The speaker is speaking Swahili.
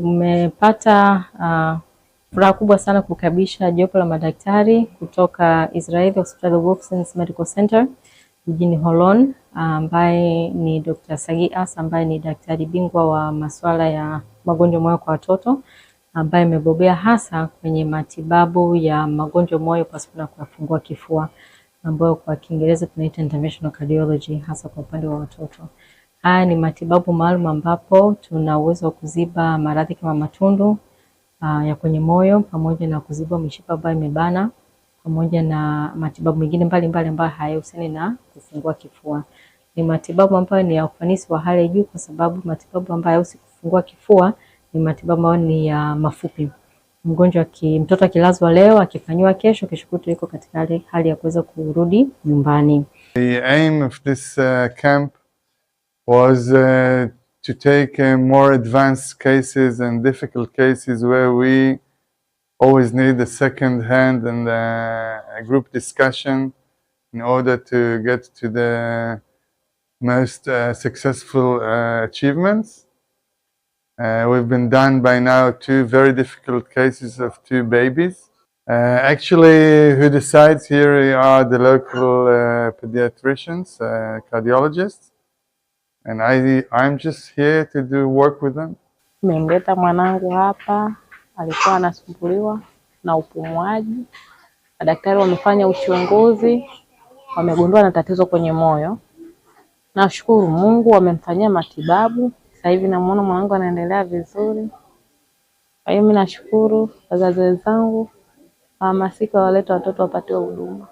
Tumepata uh, furaha kubwa sana kukaribisha jopo la madaktari kutoka Israeli Hospital Wolfson's Medical Center mjini Holon ambaye uh, ni Dr. Sagi As ambaye ni daktari bingwa wa masuala ya magonjwa moyo kwa watoto ambaye amebobea hasa kwenye matibabu ya magonjwa moyo pasipo na kuyafungua kifua ambayo kwa Kiingereza tunaita interventional cardiology hasa kwa upande wa watoto. Haya ni matibabu maalum ambapo tuna uwezo wa kuziba maradhi kama matundu uh, ya kwenye moyo pamoja na kuziba mishipa ambayo imebana pamoja na matibabu mengine mbalimbali ambayo hayahusiani na kufungua kifua. Ni matibabu ambayo ni ya ufanisi wa hali ya juu, kwa sababu matibabu ambayo hayahusi kufungua kifua ni matibabu ambayo ni ya mafupi. Mgonjwa ki, mtoto akilazwa leo akifanyiwa kesho, kesho kutu yuko katika hali ya kuweza kurudi nyumbani. The aim of this uh, camp was uh, to take uh, more advanced cases and difficult cases where we always need a second hand and uh, a group discussion in order to get to the most uh, successful uh, achievements. we've been done by now two very difficult cases of two babies. Uh, actually, who decides here are the local uh, pediatricians, uh, cardiologists. and I, I'm just here to do work with them. Nimemleta mwanangu hapa, alikuwa anasumbuliwa na upumuaji. Madaktari wamefanya uchunguzi, wamegundua na tatizo kwenye moyo. Nashukuru Mungu, wamemfanyia matibabu. Sasa hivi namuona mwanangu anaendelea vizuri. Kwa hiyo mimi nashukuru wazazi wenzangu, wahamasika, waleta watoto wapatiwe huduma.